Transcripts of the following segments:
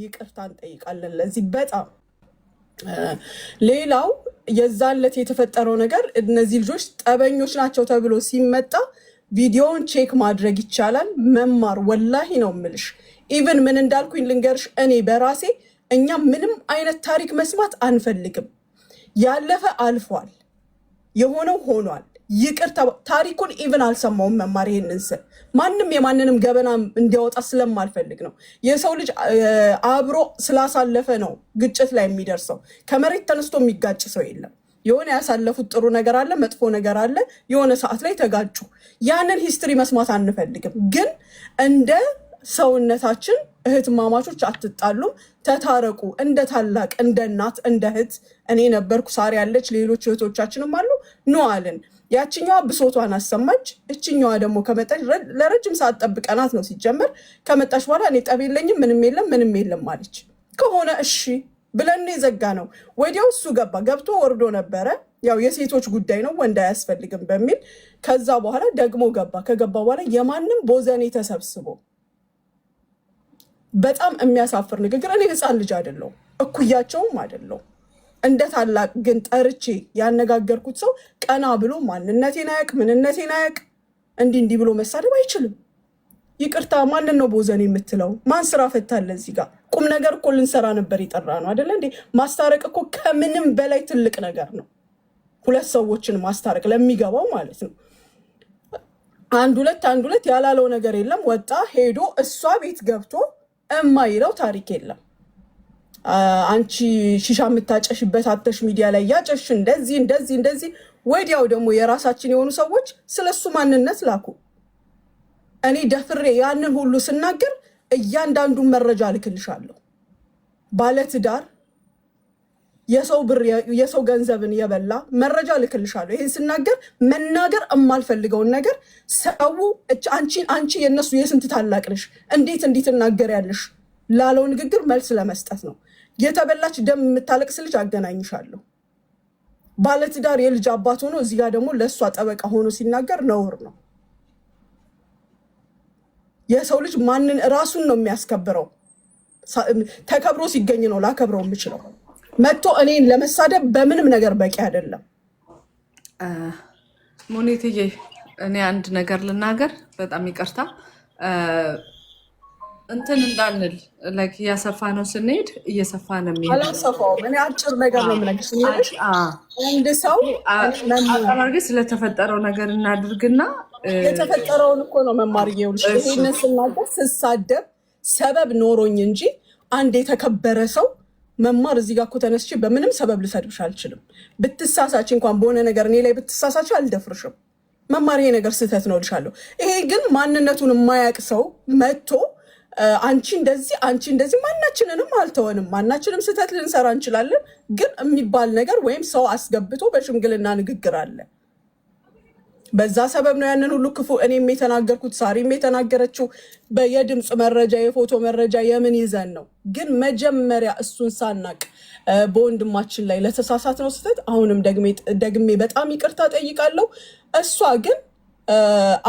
ይቅርታ እንጠይቃለን ለዚህ በጣም ሌላው የዛለት የተፈጠረው ነገር እነዚህ ልጆች ጠበኞች ናቸው ተብሎ ሲመጣ ቪዲዮውን ቼክ ማድረግ ይቻላል መማር ወላሂ ነው ምልሽ ኢቨን ምን እንዳልኩኝ ልንገርሽ እኔ በራሴ እኛ ምንም አይነት ታሪክ መስማት አንፈልግም ያለፈ አልፏል የሆነው ሆኗል ይቅርታ ታሪኩን ኢቭን አልሰማውም። መማር ይህንን ስል ማንም የማንንም ገበና እንዲያወጣ ስለማልፈልግ ነው። የሰው ልጅ አብሮ ስላሳለፈ ነው ግጭት ላይ የሚደርሰው። ከመሬት ተነስቶ የሚጋጭ ሰው የለም። የሆነ ያሳለፉት ጥሩ ነገር አለ፣ መጥፎ ነገር አለ። የሆነ ሰዓት ላይ ተጋጩ። ያንን ሂስትሪ መስማት አንፈልግም፣ ግን እንደ ሰውነታችን እህትማማቾች አትጣሉም፣ ተታረቁ። እንደ ታላቅ እንደ እናት እንደ እህት እኔ ነበርኩ፣ ሳሪ ያለች፣ ሌሎች እህቶቻችንም አሉ። ነው አልን። ያችኛዋ ብሶቷን አሰማች። እችኛዋ ደግሞ ከመጣች ለረጅም ሰዓት ጠብቀናት ነው ሲጀመር። ከመጣች በኋላ እኔ ጠብ የለኝም ምንም የለም ምንም የለም አለች። ከሆነ እሺ ብለን የዘጋ ነው። ወዲያው እሱ ገባ። ገብቶ ወርዶ ነበረ። ያው የሴቶች ጉዳይ ነው ወንድ አያስፈልግም በሚል ከዛ በኋላ ደግሞ ገባ። ከገባ በኋላ የማንም ቦዘኔ ተሰብስቦ በጣም የሚያሳፍር ንግግር። እኔ ህፃን ልጅ አይደለሁም፣ እኩያቸውም አይደለሁም። እንደ ታላቅ ግን ጠርቼ ያነጋገርኩት ሰው ቀና ብሎ ማንነቴን አያውቅ፣ ምንነቴን አያውቅ፣ እንዲህ እንዲህ ብሎ መሳደብ አይችልም። ይቅርታ ማንን ነው ቦዘን የምትለው? ማን ስራ ፈታለ? እዚህ ጋር ቁም ነገር እኮ ልንሰራ ነበር የጠራ ነው አደለ እንዴ? ማስታረቅ እኮ ከምንም በላይ ትልቅ ነገር ነው። ሁለት ሰዎችን ማስታረቅ ለሚገባው ማለት ነው። አንድ ሁለት አንድ ሁለት ያላለው ነገር የለም። ወጣ ሄዶ እሷ ቤት ገብቶ የማይለው ታሪክ የለም። አንቺ ሺሻ የምታጨሽበት አተሽ ሚዲያ ላይ ያጨሽ እንደዚህ እንደዚህ እንደዚህ። ወዲያው ደግሞ የራሳችን የሆኑ ሰዎች ስለሱ ማንነት ላኩ። እኔ ደፍሬ ያንን ሁሉ ስናገር እያንዳንዱን መረጃ ልክልሻለሁ። ባለትዳር የሰው ብር የሰው ገንዘብን የበላ መረጃ ልክልሻለሁ። ይህን ስናገር መናገር የማልፈልገውን ነገር ሰው አንቺ አንቺ የእነሱ የስንት ታላቅ ነሽ፣ እንዴት እናገር ያለሽ ላለው ንግግር መልስ ለመስጠት ነው። የተበላች ደም የምታለቅስ ልጅ አገናኝሻለሁ። ባለትዳር የልጅ አባት ሆኖ እዚህ ጋር ደግሞ ለእሷ ጠበቃ ሆኖ ሲናገር ነውር ነው። የሰው ልጅ ማንን ራሱን ነው የሚያስከብረው። ተከብሮ ሲገኝ ነው ላከብረው የምችለው። መጥቶ እኔን ለመሳደብ በምንም ነገር በቂ አይደለም። ሙኒትዬ እኔ አንድ ነገር ልናገር፣ በጣም ይቅርታ እንትን እንዳንል ላይክ እያሰፋ ነው ስንሄድ እየሰፋ ነው የሚሄድ። አላሰፋውም። እኔ አጭር ነገር ነው የምነግርሽ። አንድ ሰው አቀራርጌ ስለተፈጠረው ነገር እናድርግና የተፈጠረውን እኮ ነው መማር እየውልሽ። ይህንን ስናገር ስሳደብ ሰበብ ኖሮኝ እንጂ አንድ የተከበረ ሰው መማር እዚህ ጋር እኮ ተነስቼ በምንም ሰበብ ልሰድብሽ አልችልም። ብትሳሳች እንኳን በሆነ ነገር እኔ ላይ ብትሳሳች አልደፍርሽም። መማር ይሄ ነገር ስህተት ነው ልሻለሁ። ይሄ ግን ማንነቱን የማያውቅ ሰው መጥቶ አንቺ እንደዚህ አንቺ እንደዚህ ማናችንንም አልተወንም፣ ማናችንም ስህተት ልንሰራ እንችላለን። ግን የሚባል ነገር ወይም ሰው አስገብቶ በሽምግልና ንግግር አለ በዛ ሰበብ ነው ያንን ሁሉ ክፉ እኔም የተናገርኩት ሳሪም የተናገረችው የድምፅ መረጃ የፎቶ መረጃ የምን ይዘን ነው። ግን መጀመሪያ እሱን ሳናቅ በወንድማችን ላይ ለተሳሳት ነው ስህተት። አሁንም ደግሜ በጣም ይቅርታ ጠይቃለሁ። እሷ ግን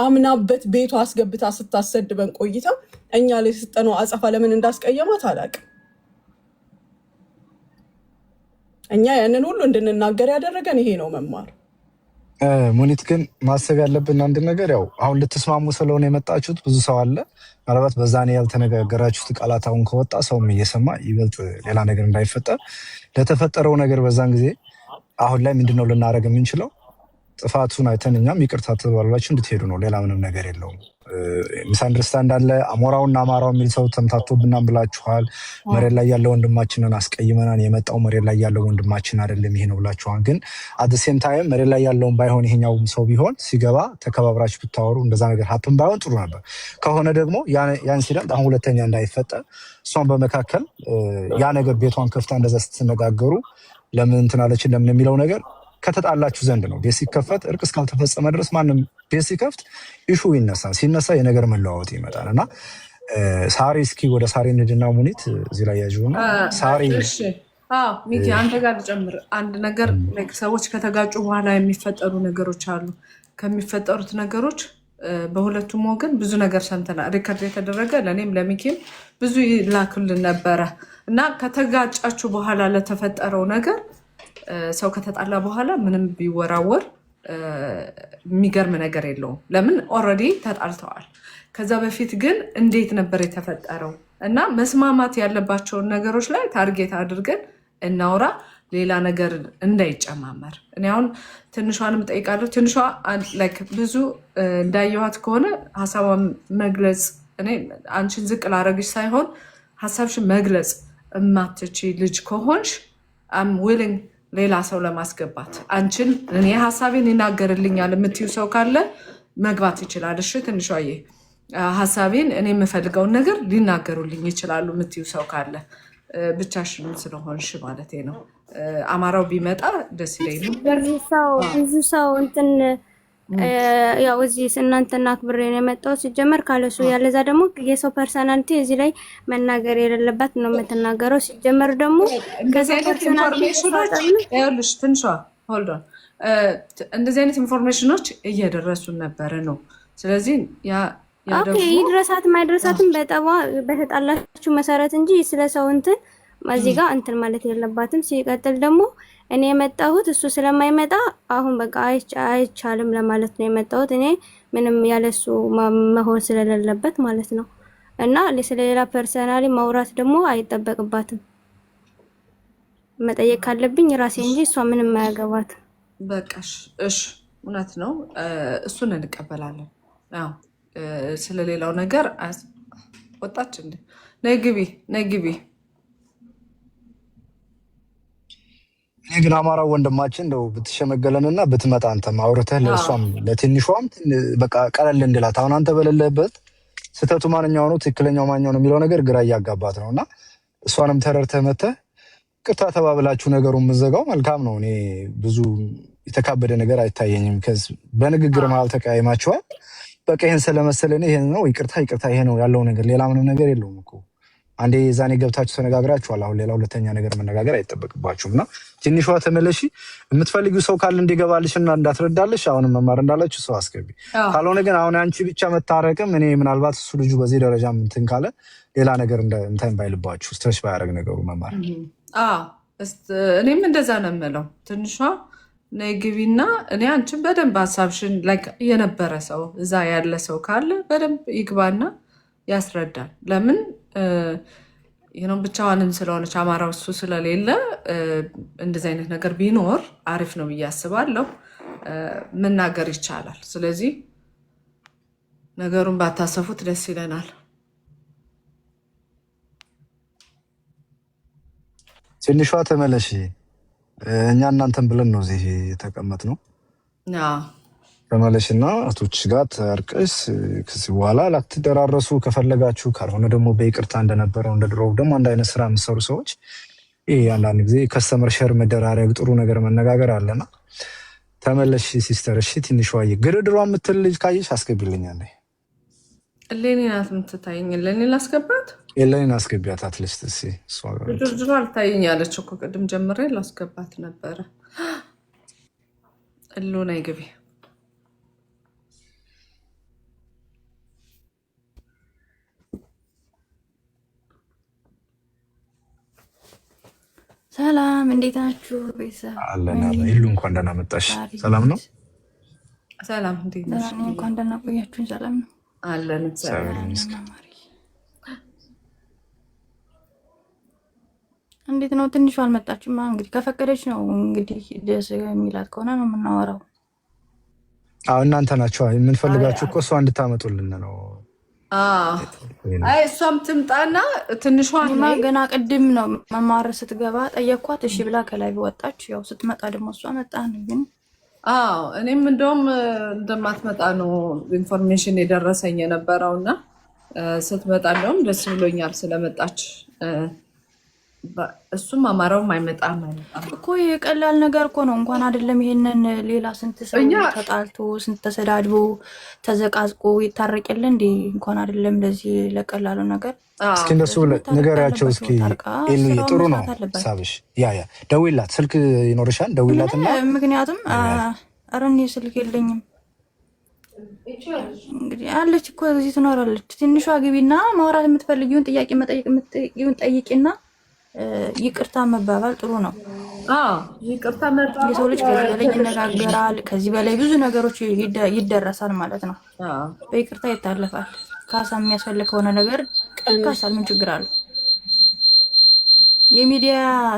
አምናበት ቤቷ አስገብታ ስታሰድበን ቆይታ እኛ ላይ ስጠነው አጸፋ ለምን እንዳስቀየማት አላቅም። እኛ ያንን ሁሉ እንድንናገር ያደረገን ይሄ ነው መማር ሙኒት ግን ማሰብ ያለብን አንድ ነገር ያው አሁን ልትስማሙ ስለሆነ የመጣችሁት ብዙ ሰው አለ። ምናልባት በዛኔ ያልተነጋገራችሁት ቃላት አሁን ከወጣ ሰውም እየሰማ ይበልጥ ሌላ ነገር እንዳይፈጠር ለተፈጠረው ነገር በዛን ጊዜ አሁን ላይ ምንድነው ልናደርግ የምንችለው? ጥፋቱን አይተን እኛም ይቅርታ ተባላችሁ እንድትሄዱ ነው። ሌላ ምንም ነገር የለውም። ሚስ አንደርስታንድ አለ። አሞራውና አማራው የሚል ሰው ተምታቶብናም ብላችኋል። መሬት ላይ ያለ ወንድማችንን አስቀይመናን የመጣው መሬት ላይ ያለው ወንድማችን አይደለም ይሄ ነው ብላችኋል። ግን አት ሴም ታይም መሬት ላይ ያለውን ባይሆን ይሄኛውም ሰው ቢሆን ሲገባ ተከባብራችሁ ብታወሩ እንደዛ ነገር ሀፕን ባይሆን ጥሩ ነበር። ከሆነ ደግሞ ያ ኢንሲደንት አሁን ሁለተኛ እንዳይፈጠር እሷን በመካከል ያ ነገር ቤቷን ከፍታ እንደዛ ስትነጋገሩ ለምን እንትን አለችን ለምን የሚለው ነገር ከተጣላችሁ ዘንድ ነው። ቤት ሲከፈት እርቅ እስካልተፈጸመ ድረስ ማንም ቤት ሲከፍት ኢሹ ይነሳል። ሲነሳ የነገር መለዋወጥ ይመጣል እና ሳሪ እስኪ ወደ ሳሪ ንድና ሙኒት እዚህ ላይ ያዥውና ሳሪ ሚኪ አንተ ጋር ልጨምር አንድ ነገር ሰዎች ከተጋጩ በኋላ የሚፈጠሩ ነገሮች አሉ። ከሚፈጠሩት ነገሮች በሁለቱም ወገን ብዙ ነገር ሰምተናል። ሪከርድ የተደረገ ለእኔም ለሚኪም ብዙ ይላክልን ነበረ እና ከተጋጫችሁ በኋላ ለተፈጠረው ነገር ሰው ከተጣላ በኋላ ምንም ቢወራወር የሚገርም ነገር የለውም። ለምን ኦልሬዲ ተጣልተዋል። ከዛ በፊት ግን እንዴት ነበር የተፈጠረው እና መስማማት ያለባቸውን ነገሮች ላይ ታርጌት አድርገን እናውራ፣ ሌላ ነገር እንዳይጨማመር። እኔ አሁን ትንሿንም ጠይቃለሁ። ትንሿ ብዙ እንዳየኋት ከሆነ ሀሳቧን መግለጽ እኔ አንቺን ዝቅ ላረግሽ ሳይሆን ሀሳብሽን መግለጽ እማትች ልጅ ከሆንሽ አም ዊሊንግ ሌላ ሰው ለማስገባት አንቺን እኔ ሀሳቤን ይናገርልኛል የምትዩ ሰው ካለ መግባት ይችላል። እሺ ትንሿዬ ሀሳቤን እኔ የምፈልገውን ነገር ሊናገሩልኝ ይችላሉ የምትዩ ሰው ካለ ብቻሽን ስለሆንሽ ማለት ነው። አማራው ቢመጣ ደስ ይለኛል። ብዙ ሰው እንትን ያው እዚህ እናንተና አክብሬ ነው የመጣው ሲጀመር ካለሱ ያለዛ ደግሞ የሰው ፐርሰናልቲ እዚህ ላይ መናገር የሌለባት ነው የምትናገረው። ሲጀመር ደግሞ ከዛ ትንሿ ሆልዶን እንደዚህ አይነት ኢንፎርሜሽኖች እየደረሱን ነበረ ነው። ስለዚህ ያ ይድረሳት ማይድረሳትም በጠባ በተጣላችሁ መሰረት እንጂ ስለ ሰው እንትን እዚህ ጋር እንትን ማለት የለባትም። ሲቀጥል ደግሞ እኔ የመጣሁት እሱ ስለማይመጣ አሁን በቃ አይቻልም ለማለት ነው የመጣሁት። እኔ ምንም ያለሱ መሆን ስለሌለበት ማለት ነው። እና ስለሌላ ፐርሰናሊ ማውራት ደግሞ አይጠበቅባትም። መጠየቅ ካለብኝ ራሴ እንጂ እሷ ምንም አያገባት። በቃሽ። እሺ፣ እውነት ነው። እሱን እንቀበላለን። ስለሌላው ነገር ወጣች። ነይ ግቢ፣ ነይ ግቢ እኔ ግን አማራ ወንድማችን እንደው ብትሸመገለንና ብትመጣ አንተም አውርተህ ለእሷም ለትንሿም በቃ ቀለል እንድላት። አሁን አንተ በሌለበት ስህተቱ ማንኛው ነው ትክክለኛው ማንኛው ነው የሚለው ነገር ግራ እያጋባት ነው እና እሷንም ተረድተህ መተህ ቅርታ ተባብላችሁ ነገሩን የምዘጋው መልካም ነው። እኔ ብዙ የተካበደ ነገር አይታየኝም። በንግግር መሀል ተቀያይማችኋል። በቃ ይህን ስለመሰለ ይሄን ነው ይቅርታ፣ ይቅርታ፣ ይሄ ነው ያለው ነገር፣ ሌላ ምንም ነገር የለውም እኮ አንዴ የዛኔ ገብታችሁ ተነጋግራችኋል። አሁን ሌላ ሁለተኛ ነገር መነጋገር አይጠበቅባችሁም እና ትንሿ ተመለሺ። የምትፈልጊው ሰው ካለ እንዲገባልሽ እና እንዳትረዳለሽ አሁንም መማር እንዳላችሁ ሰው አስገቢ። ካልሆነ ግን አሁን አንቺ ብቻ መታረቅም እኔ ምናልባት እሱ ልጁ በዚህ ደረጃ ምንትን ካለ ሌላ ነገር እንትን ባይልባችሁ ስትረሽ ባያደርግ ነገሩ መማር እኔም እንደዛ ነው የምለው። ትንሿ ግቢና እኔ አንቺም በደንብ ሀሳብሽን የነበረ ሰው እዛ ያለ ሰው ካለ በደንብ ይግባና ያስረዳል ለምን ነው ብቻዋንን ስለሆነች አማራ እሱ ስለሌለ እንደዚህ አይነት ነገር ቢኖር አሪፍ ነው ብዬ አስባለሁ። መናገር ይቻላል። ስለዚህ ነገሩን ባታሰፉት ደስ ይለናል። ትንሿ ተመለሽ። እኛ እናንተን ብለን ነው እዚህ የተቀመጥ ነው። በማለሽ እና አቶ ጋር ተርቅስ ከዚህ በኋላ ላትደራረሱ ከፈለጋችሁ፣ ካልሆነ ደግሞ በይቅርታ እንደነበረው እንደ ድሮው ደግሞ አንድ አይነት ስራ የምሰሩ ሰዎች ይህ አንዳንድ ጊዜ ከስተመር ሸር መደራረግ ጥሩ ነገር መነጋገር አለና ተመለሽ ሲስተር። እሺ ትንሽ ዋየ ግርድሯ የምትል ልጅ ካየሽ አስገቢልኛለ። እሌኒ ናት የምትታየኝ። እሌኒ ላስገባት፣ እሌኒን አስገቢያት። አትሊስት ግርድሯ አልታየኝ ያለች እኮ ቅድም ጀምሬ ላስገባት ነበረ። እሉ ናይ ግቢ ሰላም እንዴት ናችሁ? ቤተሰብ ሁሉ እንኳን ደህና መጣሽ። ሰላም ነው። ሰላም እንዴት እንኳን ደህና ሰላም ነው አለን። እንዴት ነው? ትንሹ አልመጣችማ። እንግዲህ ከፈቀደች ነው እንግዲህ ደስ የሚላት ከሆነ ነው የምናወራው። እናንተ ናችሁ የምንፈልጋችሁ እኮ እሷ እንድታመጡልን ነው አይ እሷም ትምጣና ትንሿን ገና ቅድም ነው መማር ስትገባ ጠየኳት። እሺ ብላ ከላይ ወጣች። ያው ስትመጣ ደግሞ እሷ መጣ ነው ግን አዎ እኔም እንደውም እንደማትመጣ ነው ኢንፎርሜሽን የደረሰኝ የነበረው እና ስትመጣ እንደውም ደስ ብሎኛል ስለመጣች። እሱም አማራውም አይመጣም እኮ ይህ ቀላል ነገር እኮ ነው። እንኳን አይደለም ይሄንን ሌላ ስንት ሰው ተጣልቶ ስንት ተሰዳድቦ ተዘቃዝቆ ይታረቅ እንዲ እንኳን አይደለም ለዚህ ለቀላሉ ነገር እስኪ እነሱ ነገሪያቸው እስኪ። ኤልዬ ጥሩ ነው ሳብሽ። ያ ያ ደውላት፣ ስልክ ይኖርሻል ደውላት እና ምክንያቱም ኧረ እኔ ስልክ የለኝም እንግዲህ አለች እኮ እዚህ ትኖራለች። ትንሿ ግቢና ማውራት የምትፈልጊውን ጥያቄ መጠየቅ የምትጠይቂውን ጠይቂና ይቅርታ መባባል ጥሩ ነው። የሰው ልጅ ከዚህ በላይ ይነጋገራል፣ ከዚህ በላይ ብዙ ነገሮች ይደረሳል ማለት ነው። በይቅርታ ይታለፋል። ካሳ የሚያስፈልግ ከሆነ ነገር ካሳል፣ ምን ችግር አለ? የሚዲያ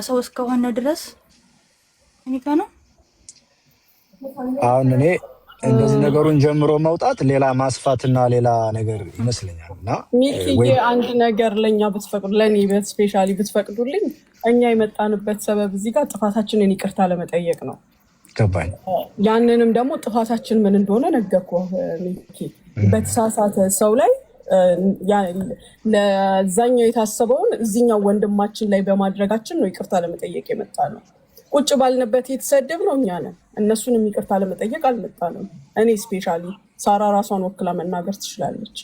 ሰው እስከሆነ ድረስ እኔ ከነው አሁን እኔ እንደዚህ ነገሩን ጀምሮ መውጣት ሌላ ማስፋትና ሌላ ነገር ይመስለኛል። እና ሚኪዬ አንድ ነገር ለእኛ ብትፈቅዱ ለእኔ በስፔሻሊ ብትፈቅዱልኝ እኛ የመጣንበት ሰበብ እዚህ ጋር ጥፋታችንን ይቅርታ ለመጠየቅ ነው። ገባኝ። ያንንም ደግሞ ጥፋታችን ምን እንደሆነ ነገርኩ። ሚኪ በተሳሳተ ሰው ላይ ለዛኛው የታሰበውን እዚኛው ወንድማችን ላይ በማድረጋችን ነው ይቅርታ ለመጠየቅ የመጣ ነው። ቁጭ ባልንበት የተሰደብ ነው እኛ ነን። እነሱን የሚቅርታ ለመጠየቅ አልመጣንም። እኔ ስፔሻሊ ሳራ ራሷን ወክላ መናገር ትችላለች።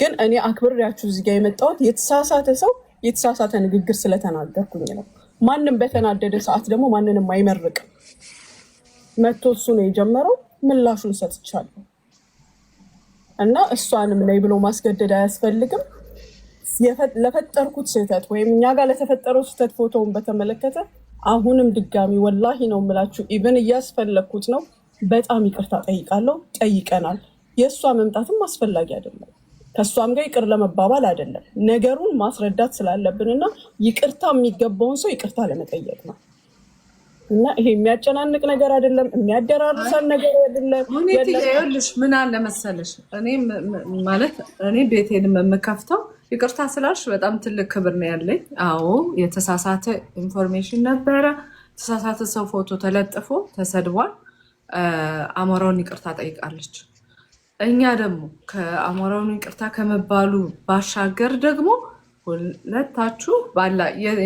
ግን እኔ አክብሬያችሁ እዚህ ጋ የመጣሁት የተሳሳተ ሰው የተሳሳተ ንግግር ስለተናገርኩኝ ነው። ማንም በተናደደ ሰዓት ደግሞ ማንንም አይመርቅም። መቶ እሱ ነው የጀመረው፣ ምላሹን ሰጥቻለሁ እና እሷንም ላይ ብሎ ማስገደድ አያስፈልግም። ለፈጠርኩት ስህተት ወይም እኛ ጋር ለተፈጠረው ስህተት ፎቶውን በተመለከተ አሁንም ድጋሚ ወላሂ ነው የምላችሁ፣ ኢብን እያስፈለግኩት ነው። በጣም ይቅርታ ጠይቃለሁ። ጠይቀናል። የእሷ መምጣትም አስፈላጊ አይደለም። ከእሷም ጋር ይቅር ለመባባል አይደለም። ነገሩን ማስረዳት ስላለብንና ይቅርታ የሚገባውን ሰው ይቅርታ ለመጠየቅ ነው። እና ይሄ የሚያጨናንቅ ነገር አይደለም፣ የሚያደራርሰን ነገር አይደለም። ይኸውልሽ ምን አለ መሰለሽ እኔ ማለት እኔ ቤቴን የምከፍተው ይቅርታ ስላልሽ በጣም ትልቅ ክብር ነው ያለኝ። አዎ የተሳሳተ ኢንፎርሜሽን ነበረ። የተሳሳተ ሰው ፎቶ ተለጥፎ ተሰድቧል። አሞራውን ይቅርታ ጠይቃለች። እኛ ደግሞ ከአሞራውን ይቅርታ ከመባሉ ባሻገር ደግሞ ሁለታችሁ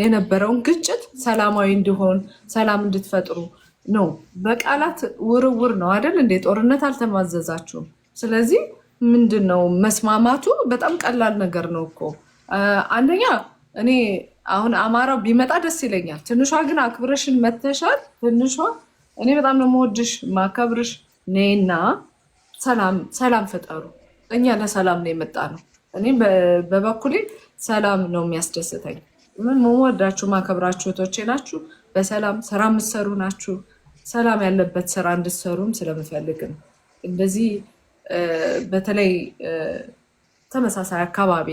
የነበረውን ግጭት ሰላማዊ እንዲሆን ሰላም እንድትፈጥሩ ነው። በቃላት ውርውር ነው አይደል እንዴ? ጦርነት አልተማዘዛችሁም። ስለዚህ ምንድን ነው መስማማቱ በጣም ቀላል ነገር ነው እኮ። አንደኛ እኔ አሁን አማራው ቢመጣ ደስ ይለኛል። ትንሿ ግን አክብረሽን መተሻል። ትንሿ እኔ በጣም ነው የምወድሽ ማከብርሽ። ነይና ሰላም ፈጠሩ። እኛ ለሰላም ነው የመጣ ነው። እኔ በበኩሌ ሰላም ነው የሚያስደስተኝ። ምን መወዳችሁ ማከብራችሁ ቶቼ ናችሁ። በሰላም ስራ የምትሰሩ ናችሁ። ሰላም ያለበት ስራ እንድትሰሩም ስለምፈልግ ነው። እንደዚህ በተለይ ተመሳሳይ አካባቢ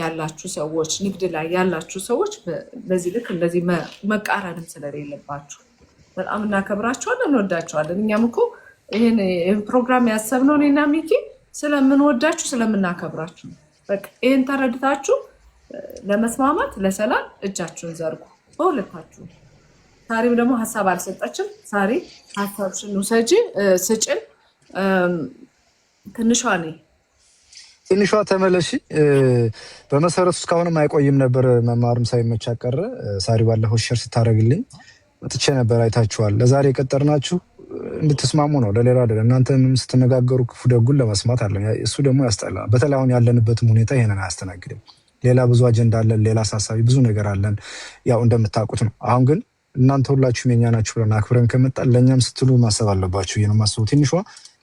ያላችሁ ሰዎች፣ ንግድ ላይ ያላችሁ ሰዎች በዚህ ልክ እንደዚህ መቃረንም ስለሌለባችሁ በጣም እናከብራችኋለን፣ እንወዳችኋለን። እኛም እኮ ይህን ፕሮግራም ያሰብነው እኔና ሚኪ ስለምንወዳችሁ ስለምናከብራችሁ፣ በቃ ይህን ተረድታችሁ ለመስማማት ለሰላም እጃችሁን ዘርጉ በሁለታችሁ። ሳሪም ደግሞ ሀሳብ አልሰጠችም። ሳሪ ሀሳብሽን ውሰጂ ስጭን። ትንሿ ነ ትንሿ ተመለሺ። በመሰረቱ እስካሁንም አይቆይም ነበር መማርም ሳይመች ቀረ። ሳሪ ባለፈው ሸር ስታደርግልኝ መጥቼ ነበር፣ አይታችኋል። ለዛሬ የቀጠርናችሁ እንድትስማሙ ነው፣ ለሌላ አይደለም። እናንተም ስትነጋገሩ ክፉ ደጉን ለመስማት አለ። እሱ ደግሞ ያስጠላ። በተለይ አሁን ያለንበትም ሁኔታ ይሄንን አያስተናግድም። ሌላ ብዙ አጀንዳ አለን፣ ሌላ አሳሳቢ ብዙ ነገር አለን። ያው እንደምታውቁት ነው። አሁን ግን እናንተ ሁላችሁም የኛ ናችሁ ብለን አክብረን ከመጣ ለእኛም ስትሉ ማሰብ አለባችሁ። ይህ ነው ማሰቡ። ትንሿ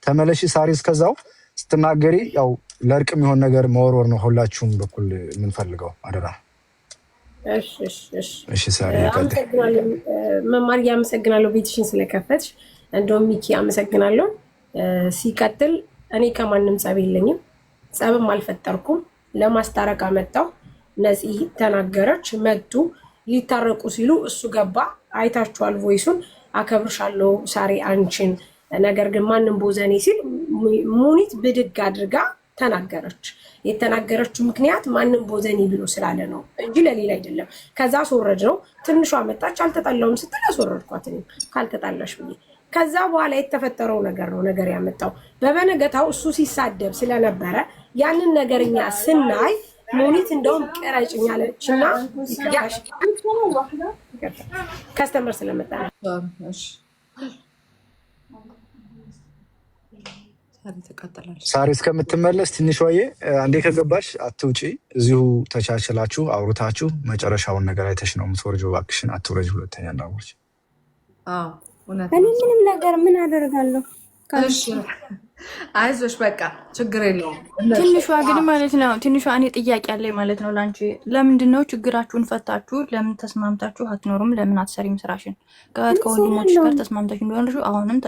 ተመለሺ ሳሪ እስከዛው ስትናገሪ ያው ለእርቅ የሚሆን ነገር መወርወር ነው ሁላችሁም በኩል የምንፈልገው አደራ። እሺ ሳሪ መማር አመሰግናለሁ፣ ቤትሽን ስለከፈትሽ። እንደውም ሚኪ አመሰግናለሁ። ሲቀጥል እኔ ከማንም ጸብ የለኝም፣ ጸብም አልፈጠርኩም። ለማስታረቅ አመጣው። ነፂ ተናገረች። መጡ። ሊታረቁ ሲሉ እሱ ገባ። አይታችኋል ቮይሱን። አከብርሻለሁ ሳሪ አንቺን፣ ነገር ግን ማንም ቦዘኔ ሲል ሙኒት ብድግ አድርጋ ተናገረች። የተናገረችው ምክንያት ማንም ቦዘኔ ብሎ ስላለ ነው እንጂ ለሌላ አይደለም። ከዛ አስወረድ ነው። ትንሿ መጣች። አልተጣላውም ስትል አስወረድኳት። ካልተጣላሽ ብዬ ከዛ በኋላ የተፈጠረው ነገር ነው ነገር ያመጣው። በበነገታው እሱ ሲሳደብ ስለነበረ ያንን ነገርኛ ስናይ ሞኒት እንደውም ቅረጭኝ አለችና ከስተመር ስለመጣ ሳሪ እስከምትመለስ ትንሽ ወዬ አንዴ ከገባሽ አትውጪ። እዚሁ ተቻችላችሁ አውርታችሁ መጨረሻውን ነገር አይተሽ ነው የምትወርጂው። እባክሽን አትውረጅ ሁለተኛ እንዳወርጅ እኔ ምንም ነገር ምን አደርጋለሁ? አይዞሽ በቃ ችግር የለውም። ትንሿ ግን ማለት ነው ትንሿ እኔ ጥያቄ ያለኝ ማለት ነው ለአንቺ ለምንድን ነው ችግራችሁን ፈታችሁ ለምን ተስማምታችሁ አትኖሩም? ለምን አትሰሪም ስራሽን ከእህት ከወንድሞች ጋር ተስማምታችሁ እንደሆነ አሁንም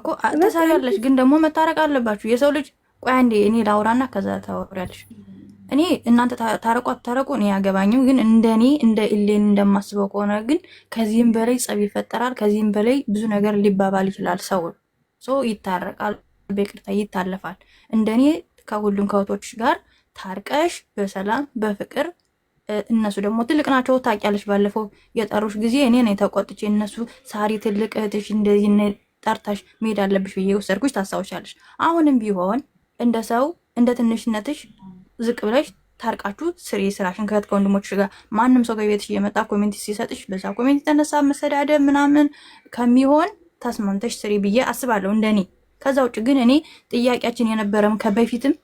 እኮ ተሰሪያለሽ፣ ግን ደግሞ መታረቅ አለባችሁ። የሰው ልጅ ቆይ አንዴ እኔ ላውራና ከዛ ታወሪያለሽ። እኔ እናንተ ታረቁ አታረቁ እኔ ያገባኝም፣ ግን እንደ እኔ እንደ ኢሌን እንደማስበው ከሆነ ግን ከዚህም በላይ ጸብ ይፈጠራል። ከዚህም በላይ ብዙ ነገር ሊባባል ይችላል። ሰው ሰው ይታረቃል፣ በይቅርታ ይታለፋል። እንደ እኔ ከሁሉም ከውቶች ጋር ታርቀሽ በሰላም በፍቅር እነሱ ደግሞ ትልቅ ናቸው ታውቂያለሽ። ባለፈው የጠሩሽ ጊዜ እኔ ነው የተቆጥቼ እነሱ ሳሪ ትልቅ እህትሽ እንደዚህ ጠርታሽ መሄድ አለብሽ ብዬ ወሰድኩሽ፣ ታስታውሻለሽ። አሁንም ቢሆን እንደ ሰው እንደ ትንሽነትሽ ዝቅ ብለሽ ታርቃችሁ ስሪ ስራሽን። ከእህት ከወንድሞችሽ ጋር ማንም ሰው ከቤትሽ እየመጣ ኮሜንት ሲሰጥሽ በዛ ኮሜንት የተነሳ መሰዳደብ ምናምን ከሚሆን ተስማምተሽ ስሪ ብዬ አስባለሁ እንደኔ። ከዛ ውጭ ግን እኔ ጥያቄያችን የነበረም ከበፊትም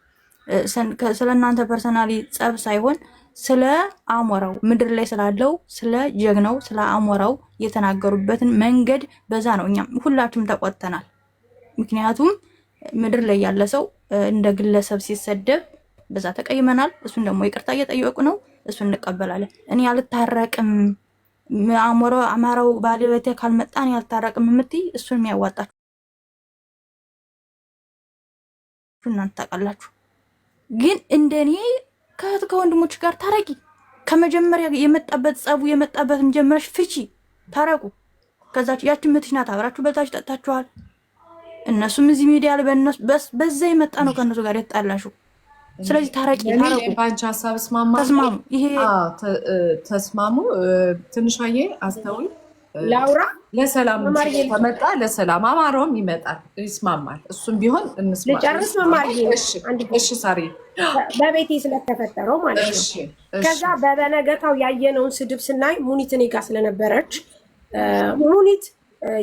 ስለ እናንተ ፐርሰናሊ ጸብ ሳይሆን ስለ አሞራው ምድር ላይ ስላለው ስለ ጀግናው ስለ አሞራው የተናገሩበትን መንገድ በዛ ነው። እኛም ሁላችሁም ተቆጥተናል። ምክንያቱም ምድር ላይ ያለ ሰው እንደ ግለሰብ ሲሰደብ በዛ ተቀይመናል። እሱን ደግሞ ይቅርታ እየጠየቁ ነው። እሱን እንቀበላለን። እኔ አልታረቅም አሞረ አማራው ባለቤቴ ካልመጣ እኔ አልታረቅም የምትይ እሱን የሚያዋጣችሁ እናንተ ታውቃላችሁ። ግን እንደኔ ከእህት ከወንድሞች ጋር ታረቂ። ከመጀመሪያ የመጣበት ጸቡ የመጣበት ጀመረሽ ፍቺ፣ ታረቁ። ከዛች ያችን ምትሽ ናት። አብራችሁ በልታችሁ ጠጥታችኋል። እነሱም እዚህ ሚዲያ ላይ በዛ የመጣ ነው ከእነሱ ጋር የተጣላሽው። ስለዚህ ታረቂ በአንቺ ሀሳብ ስማማተስማሙ ተስማሙ፣ ይሄ ተስማሙ። ትንሿዬ አስተውል፣ ላውራ ለሰላም ከመጣ ለሰላም አማረውም ይመጣል፣ ይስማማል። እሱም ቢሆን ልጨርስ እሺ። ሳሪ በቤቴ ስለተፈጠረው ማለት ነው። ከዛ በበነገታው ያየነውን ስድብ ስናይ ሙኒት እኔ ጋር ስለነበረች ሙኒት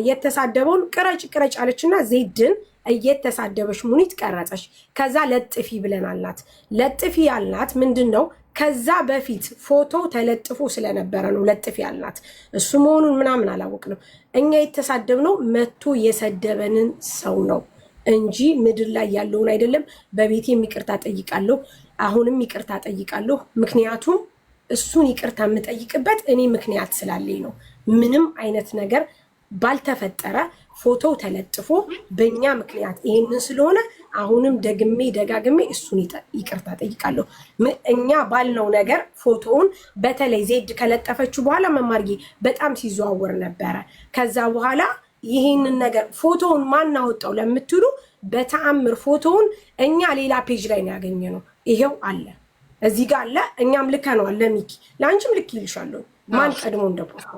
የተሳደበውን ቅረጭ ቅረጭ አለች እና ዜድን እየተሳደበች ሙኒት ቀረጸች። ከዛ ለጥፊ ብለን አልናት። ለጥፊ ያልናት ምንድን ነው? ከዛ በፊት ፎቶ ተለጥፎ ስለነበረ ነው ለጥፊ ያልናት። እሱ መሆኑን ምናምን አላወቅንም። እኛ የተሳደብነው መቶ የሰደበንን ሰው ነው እንጂ ምድር ላይ ያለውን አይደለም። በቤት የሚቅርታ ጠይቃለሁ፣ አሁንም ይቅርታ ጠይቃለሁ። ምክንያቱም እሱን ይቅርታ የምጠይቅበት እኔ ምክንያት ስላለኝ ነው። ምንም አይነት ነገር ባልተፈጠረ ፎቶ ተለጥፎ በእኛ ምክንያት ይሄንን ስለሆነ አሁንም ደግሜ ደጋግሜ እሱን ይቅርታ ጠይቃለሁ። እኛ ባልነው ነገር ፎቶውን በተለይ ዜድ ከለጠፈችው በኋላ መማርጌ በጣም ሲዘዋወር ነበረ። ከዛ በኋላ ይሄንን ነገር ፎቶውን ማናወጣው ለምትሉ በተአምር ፎቶውን እኛ ሌላ ፔጅ ላይ ነው ያገኘነው። ይሄው አለ እዚህ ጋር አለ። እኛም ልከነዋል ለሚኪ ለአንቺም ልክ ይልሻለሁ። ማን ቀድሞ እንደፖስት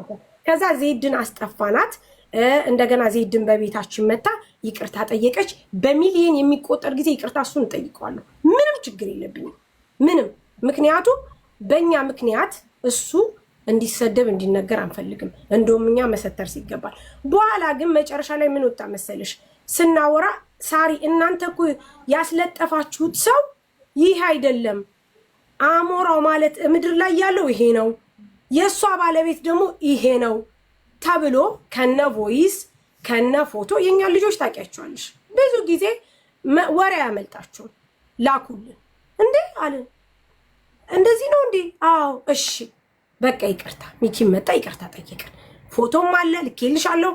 ከዛ ዜድን አስጠፋናት። እንደገና ዜድን በቤታችን መታ ይቅርታ ጠየቀች። በሚሊየን የሚቆጠር ጊዜ ይቅርታ እሱን እጠይቀዋለሁ። ምንም ችግር የለብኝም ምንም። ምክንያቱም በእኛ ምክንያት እሱ እንዲሰደብ እንዲነገር አንፈልግም። እንደውም እኛ መሰተር ሲገባል። በኋላ ግን መጨረሻ ላይ ምን ወጣ መሰለሽ ስናወራ ሳሪ እናንተ እኮ ያስለጠፋችሁት ሰው ይህ አይደለም፣ አሞራው ማለት ምድር ላይ ያለው ይሄ ነው፣ የእሷ ባለቤት ደግሞ ይሄ ነው ተብሎ ከነ ቮይስ ከነ ፎቶ የኛ ልጆች ታውቂያቸዋለሽ። ብዙ ጊዜ ወሬ ያመልጣቸውን ላኩልን እንዴ አለን። እንደዚህ ነው እንዴ? አዎ እሺ በቃ ይቅርታ፣ ሚኪ መጣ ይቅርታ ጠይቀን፣ ፎቶም አለ ልኬልሻለሁ፣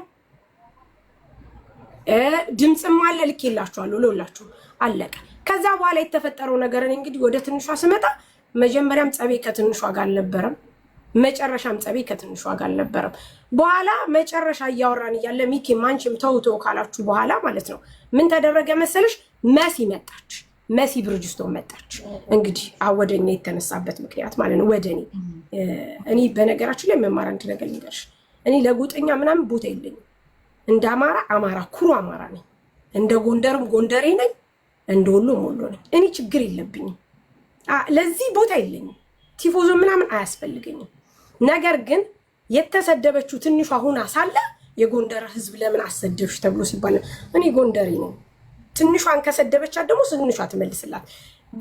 ድምፅም አለ ልኬላችኋለሁ፣ ለሁላችሁ አለቀ። ከዛ በኋላ የተፈጠረው ነገርን እንግዲህ ወደ ትንሿ ስመጣ መጀመሪያም ጸቤ ከትንሿ ጋር አልነበረም። መጨረሻም ጸቤ ከትንሿ ጋር አልነበረም። በኋላ መጨረሻ እያወራን እያለ ሚኪ ማንችም ተውቶ ካላችሁ በኋላ ማለት ነው ምን ተደረገ መሰለሽ? መሲ መጣች። መሲ ብርጅስቶ መጣች። እንግዲህ አወደኛ የተነሳበት ምክንያት ማለት ነው ወደ እኔ እኔ በነገራችን ላይ መማር አንድ ነገር ልንገርሽ፣ እኔ ለጎጠኛ ምናምን ቦታ የለኝም። እንደ አማራ አማራ ኩሩ አማራ ነኝ። እንደ ጎንደርም ጎንደሬ ነኝ። እንደ ወሎም ወሎ ነኝ። እኔ ችግር የለብኝም። ለዚህ ቦታ የለኝም። ቲፎዞ ምናምን አያስፈልገኝም። ነገር ግን የተሰደበችው ትንሿ ሁና ሳለ የጎንደር ህዝብ ለምን አሰደብሽ ተብሎ ሲባል እኔ ጎንደሬ ነው። ትንሿን ከሰደበቻት ደግሞ ትንሿ ትመልስላት።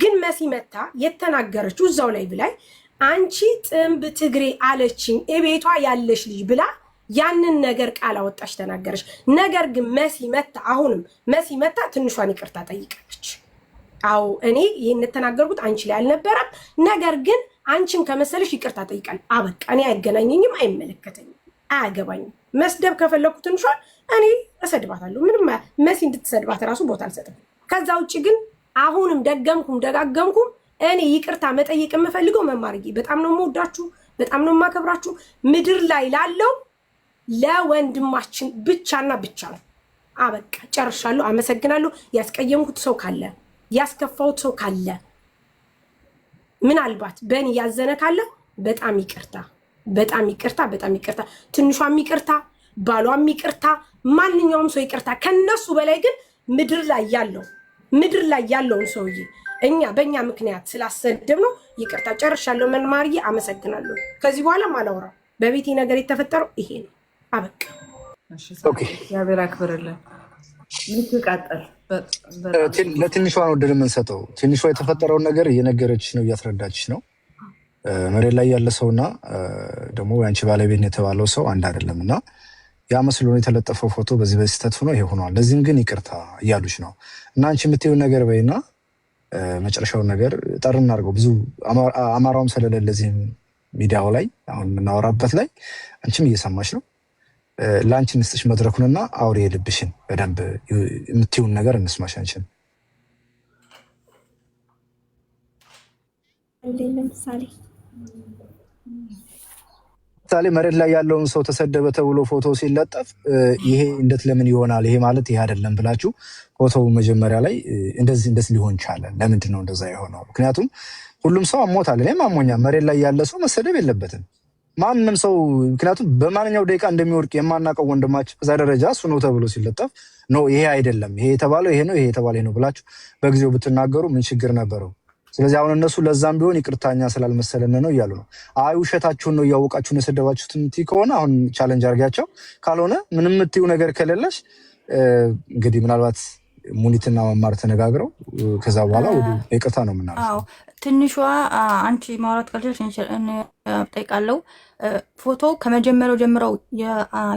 ግን መሲ መታ የተናገረችው እዛው ላይ ብላይ አንቺ ጥንብ ትግሬ አለችኝ እቤቷ ያለሽ ልጅ ብላ ያንን ነገር ቃል አወጣሽ ተናገረች። ነገር ግን መሲ መታ አሁንም መሲ መታ ትንሿን ይቅርታ ጠይቃለች። አዎ እኔ ይህን የተናገርኩት አንቺ ላይ አልነበረም። ነገር ግን አንቺን ከመሰለሽ ይቅርታ ጠይቃል። አበቃ። እኔ አይገናኘኝም፣ አይመለከተኝም፣ አያገባኝም። መስደብ ከፈለኩ ትንሿን እኔ እሰድባታለሁ። ምንም መሲ እንድትሰድባት እራሱ ቦታ አልሰጥም። ከዛ ውጭ ግን አሁንም ደገምኩም ደጋገምኩም እኔ ይቅርታ መጠየቅ የምፈልገው መማርዬ፣ በጣም ነው የምወዳችሁ፣ በጣም ነው የማከብራችሁ። ምድር ላይ ላለው ለወንድማችን ብቻና ብቻ ነው። አበቃ፣ ጨርሻለሁ። አመሰግናለሁ። ያስቀየምኩት ሰው ካለ ያስከፋሁት ሰው ካለ ምናልባት በን ያዘነ ካለ በጣም ይቅርታ፣ በጣም ይቅርታ፣ በጣም ይቅርታ። ትንሿም ይቅርታ፣ ባሏም ይቅርታ፣ ማንኛውም ሰው ይቅርታ። ከነሱ በላይ ግን ምድር ላይ ያለው ምድር ላይ ያለውን ሰውዬ እኛ በእኛ ምክንያት ስላሰደብ ነው። ይቅርታ። ጨርሻለሁ። መንማርዬ አመሰግናለሁ። ከዚህ በኋላም አላወራም። በቤቴ ነገር የተፈጠረው ይሄ ነው። አበቃ። እግዚአብሔር አክብርልን። ለትንሿ ነው ድል የምንሰጠው። ትንሿ የተፈጠረውን ነገር እየነገረች ነው እያስረዳች ነው። መሬት ላይ ያለ ሰውና ደግሞ የአንቺ ባለቤት የተባለው ሰው አንድ አይደለም እና ያ መስሎ የተለጠፈው ፎቶ በዚህ በስህተት ሆኖ ይሄ ሆኗል፣ ለዚህም ግን ይቅርታ እያሉች ነው እና አንቺ የምትይው ነገር በይና መጨረሻውን ነገር ጠር እናድርገው። ብዙ አማራውም ስለሌለ ሚዲያው ላይ አሁን የምናወራበት ላይ አንቺም እየሰማች ነው ለአንቺ እንስጥሽ መድረኩንና አውሪ የልብሽን በደንብ የምትይውን ነገር እንስማሽ። አንቺን ምሳሌ መሬት ላይ ያለውን ሰው ተሰደበ ተብሎ ፎቶ ሲለጠፍ ይሄ እንደት ለምን ይሆናል? ይሄ ማለት ይሄ አይደለም ብላችሁ ፎቶው መጀመሪያ ላይ እንደዚህ እንደት ሊሆን ቻለ? ለምንድን ነው እንደዛ የሆነው? ምክንያቱም ሁሉም ሰው አሞታል። እኔም አሞኛል። መሬት ላይ ያለ ሰው መሰደብ የለበትም። ማንም ሰው ምክንያቱም በማንኛው ደቂቃ እንደሚወድቅ የማናውቀው ወንድማችን በዛ ደረጃ እሱ ነው ተብሎ ሲለጠፍ ነው ይሄ አይደለም፣ ይሄ የተባለው ይሄ ነው፣ ይሄ የተባለ ነው ብላችሁ በጊዜው ብትናገሩ ምን ችግር ነበረው? ስለዚህ አሁን እነሱ ለዛም ቢሆን ይቅርታኛ ስላልመሰለን ነው እያሉ ነው። አይ ውሸታችሁን ነው እያወቃችሁን የሰደባችሁት እምትይ ከሆነ አሁን ቻለንጅ አድርጊያቸው፣ ካልሆነ ምንም የምትይው ነገር ከሌለሽ እንግዲህ ምናልባት ሙኒትና መማር ተነጋግረው ከዛ በኋላ ይቅርታ ነው የምናለው። ትንሿ አንቺ ማውራት ካልቻልሽ ጠይቃለው። ፎቶ ከመጀመሪያው ጀምረው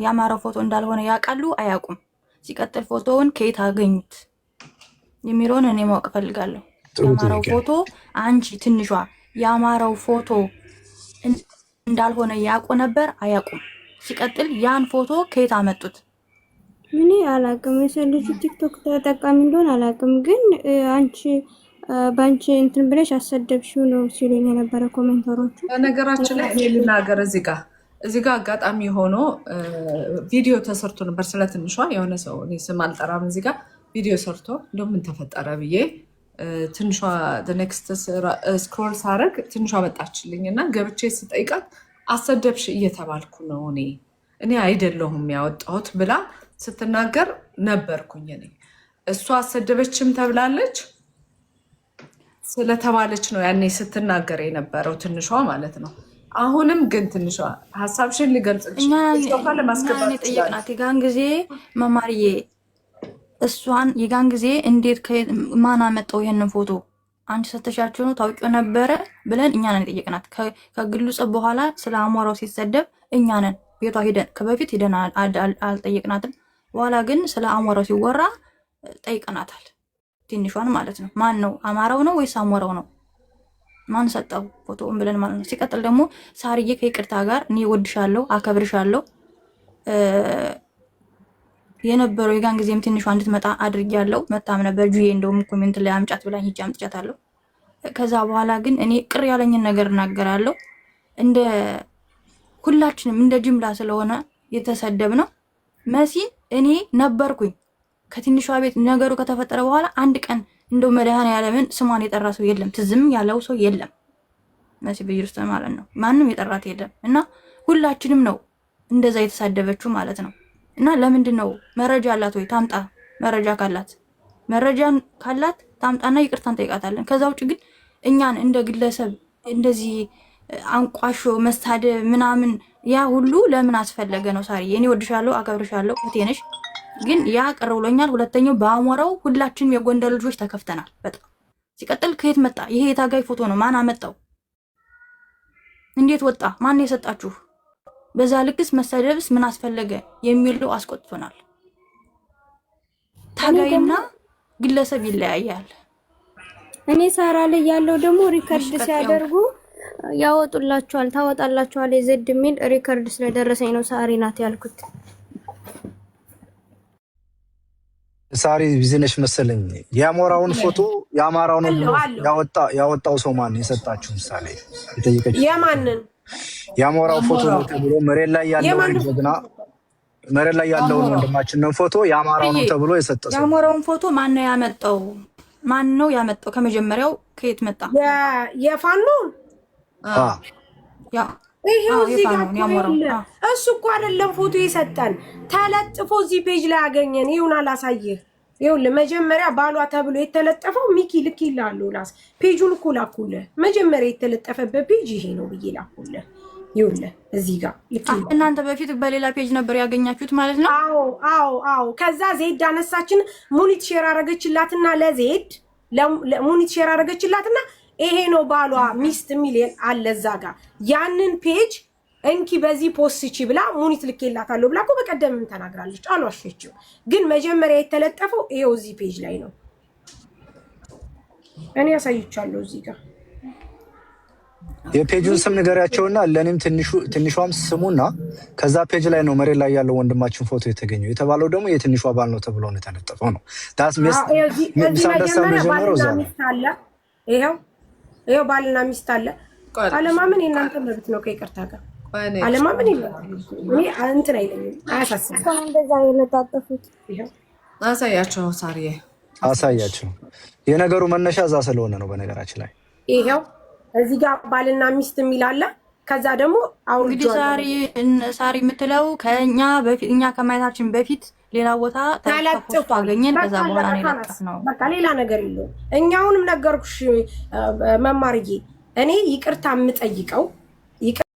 የአማራ ፎቶ እንዳልሆነ ያውቃሉ አያውቁም? ሲቀጥል ፎቶውን ከየት አገኙት የሚለውን እኔ ማወቅ እፈልጋለሁ። የአማራው ፎቶ አንቺ ትንሿ የአማራው ፎቶ እንዳልሆነ ያውቁ ነበር አያውቁም? ሲቀጥል ያን ፎቶ ከየት አመጡት? እኔ አላቅም የሰው ልጅ ቲክቶክ ተጠቃሚ እንደሆን አላቅም፣ ግን አንቺ በአንቺ እንትን ብለሽ አሰደብሽው ነው ሲሉኝ የነበረ ኮሜንተሮች። በነገራችን ላይ እኔ ልናገር እዚህ ጋር እዚህ ጋር አጋጣሚ ሆኖ ቪዲዮ ተሰርቶ ነበር ስለ ትንሿ የሆነ ሰው እኔ ስም አልጠራም። እዚህ ጋር ቪዲዮ ሰርቶ እንደምን ተፈጠረ ብዬ ትንሿ ኔክስት ስክሮል ሳረግ ትንሿ መጣችልኝ እና ገብቼ ስጠይቃት አሰደብሽ እየተባልኩ ነው እኔ እኔ አይደለሁም ያወጣሁት ብላ ስትናገር ነበርኩኝ እኔ። እሷ አሰደበችም ተብላለች ስለተባለች ነው ያኔ ስትናገር የነበረው ትንሿ ማለት ነው። አሁንም ግን ትንሿ ሀሳብሽን ልገልጽልሽ ለማስገባት ጠየቅናት። የጋን ጊዜ መማርዬ እሷን የጋን ጊዜ እንዴት ማን አመጣው ይህንን ፎቶ አንቺ ሰተሻቸው ነው ታውቂው ነበረ ብለን እኛ ነን የጠየቅናት። ከግሉጽ በኋላ ስለ አሟራው ሲሰደብ እኛ ነን ቤቷ ሄደን ከበፊት ሄደን አልጠየቅናትም። በኋላ ግን ስለ አሞራው ሲወራ ጠይቀናታል። ትንሿን ማለት ነው። ማን ነው አማራው ነው ወይስ አሞራው ነው? ማን ሰጠው ፎቶውን ብለን ማለት ነው። ሲቀጥል ደግሞ ሳርዬ ከይቅርታ ጋር እኔ ወድሻለሁ፣ አከብርሻለሁ የነበረው የጋን ጊዜም ትንሿ እንድትመጣ አድርጊያለሁ። መታም ነበር ጁዬ እንደውም ኮሜንት ላይ አምጫት ብላኝ ሂጅ አምጥቻታለሁ። ከዛ በኋላ ግን እኔ ቅር ያለኝን ነገር እናገራለሁ። እንደ ሁላችንም እንደ ጅምላ ስለሆነ የተሰደብ ነው መሲን እኔ ነበርኩኝ ከትንሿ ቤት ነገሩ ከተፈጠረ በኋላ አንድ ቀን እንደው መድኃኔዓለምን ስሟን የጠራ ሰው የለም። ትዝም ያለው ሰው የለም። መሲ በየሩስ ማለት ነው። ማንም የጠራት የለም። እና ሁላችንም ነው እንደዛ የተሳደበችው ማለት ነው። እና ለምንድን ነው መረጃ አላት ወይ ታምጣ። መረጃ ካላት መረጃን ካላት ታምጣና ይቅርታን ጠይቃታለን። ከዛ ውጭ ግን እኛን እንደ ግለሰብ እንደዚህ አንቋሾ መሳደብ ምናምን ያ ሁሉ ለምን አስፈለገ ነው? ሳሪ እኔ ወድሻለሁ፣ አከብርሻለሁ፣ ያለው ነሽ። ግን ያ ቅር ብሎኛል። ሁለተኛው በአሞራው ሁላችንም የጎንደር ልጆች ተከፍተናል በጣም ሲቀጥል፣ ከየት መጣ ይሄ? የታጋይ ፎቶ ነው። ማን አመጣው? እንዴት ወጣ? ማን የሰጣችሁ? በዛ ልክስ መሳደብስ ምን አስፈለገ የሚለው አስቆጥቶናል። ታጋይና ግለሰብ ይለያያል። እኔ ሳራ ላይ ያለው ደግሞ ሪከርድ ሲያደርጉ ያወጡላችኋል፣ ታወጣላችኋል የዘድ የሚል ሪከርድ ስለደረሰኝ ነው ሳሪ ናት ያልኩት። ሳሪ ቢዝነሽ መሰለኝ። የአሞራውን ፎቶ የአማራውን ያወጣው ሰው ማን የሰጣችሁ? ምሳሌ የጠየቀች የማንን የአሞራው ፎቶ ነው ተብሎ መሬት ላይ ያለውን ጀግና መሬት ላይ ያለውን ወንድማችንን ፎቶ የአማራው ነው ተብሎ የሰጠ ሰው የአሞራውን ፎቶ ማን ነው ያመጣው? ማን ነው ያመጣው? ከመጀመሪያው ከየት መጣ? የፋኖ ይሄው እዚህ ጋር እሱ እኮ አይደለም ፎቶ የሰጠን ተለጥፎ እዚህ ፔጅ ላይ አገኘን። ይሁን አላሳየህ። ይኸውልህ መጀመሪያ ባሏ ተብሎ የተለጠፈው ሚኪ ልክ ይላሉ ላስ ፔጁን እኮ ላኩልህ። መጀመሪያ የተለጠፈበት ፔጅ ይሄ ነው ብዬ ላኩልህ። ይኸውልህ እዚህ ጋር እናንተ በፊት በሌላ ፔጅ ነበር ያገኛችሁት ማለት ነው? አዎ አዎ አዎ። ከዛ ዜድ አነሳችን ሙኒት ሼር አረገችላትና ለዜድ ለሙኒት ሼር አረገችላትና ይሄ ነው ባሏ ሚስት የሚል አለ እዛ ጋር ያንን ፔጅ እንኪ በዚህ ፖስቺ ብላ ሙኒት ልኬላታለሁ ብላ እኮ በቀደምም ተናግራለች። አልዋሸችም። ግን መጀመሪያ የተለጠፈው ይሄው እዚህ ፔጅ ላይ ነው። እኔ ያሳይቻለሁ። እዚህ ጋር የፔጁን ስም ንገሪያቸውና ለእኔም ትንሿም ስሙና ከዛ ፔጅ ላይ ነው መሬት ላይ ያለው ወንድማችን ፎቶ የተገኘው የተባለው ደግሞ የትንሿ ባል ነው ተብሎ ነው የተለጠፈው ነው ዳስ ሚስት ሚስት አለ ይኸው ይኸው ባልና ሚስት አለ። አለማመን የእናንተ መብት ነው፣ ከይቅርታ ጋር አለማመን እንትን አይለኝም፣ አያሳስብም። እንደዛ የለጣጠፉት አሳያቸው፣ ሳርዬ አሳያቸው። የነገሩ መነሻ እዛ ስለሆነ ነው። በነገራችን ላይ ይኸው እዚህ ጋር ባልና ሚስት የሚል አለ። ከዛ ደግሞ አሁን እንግዲህ ሳሪ ሳሪ የምትለው ከእኛ ከማየታችን በፊት ሌላ ቦታ ተላጥፎ አገኘን። ከዛ በኋላ ነው በቃ ሌላ ነገር የለውም። እኛውንም ነገርኩሽ መማርዬ፣ እኔ ይቅርታ የምጠይቀው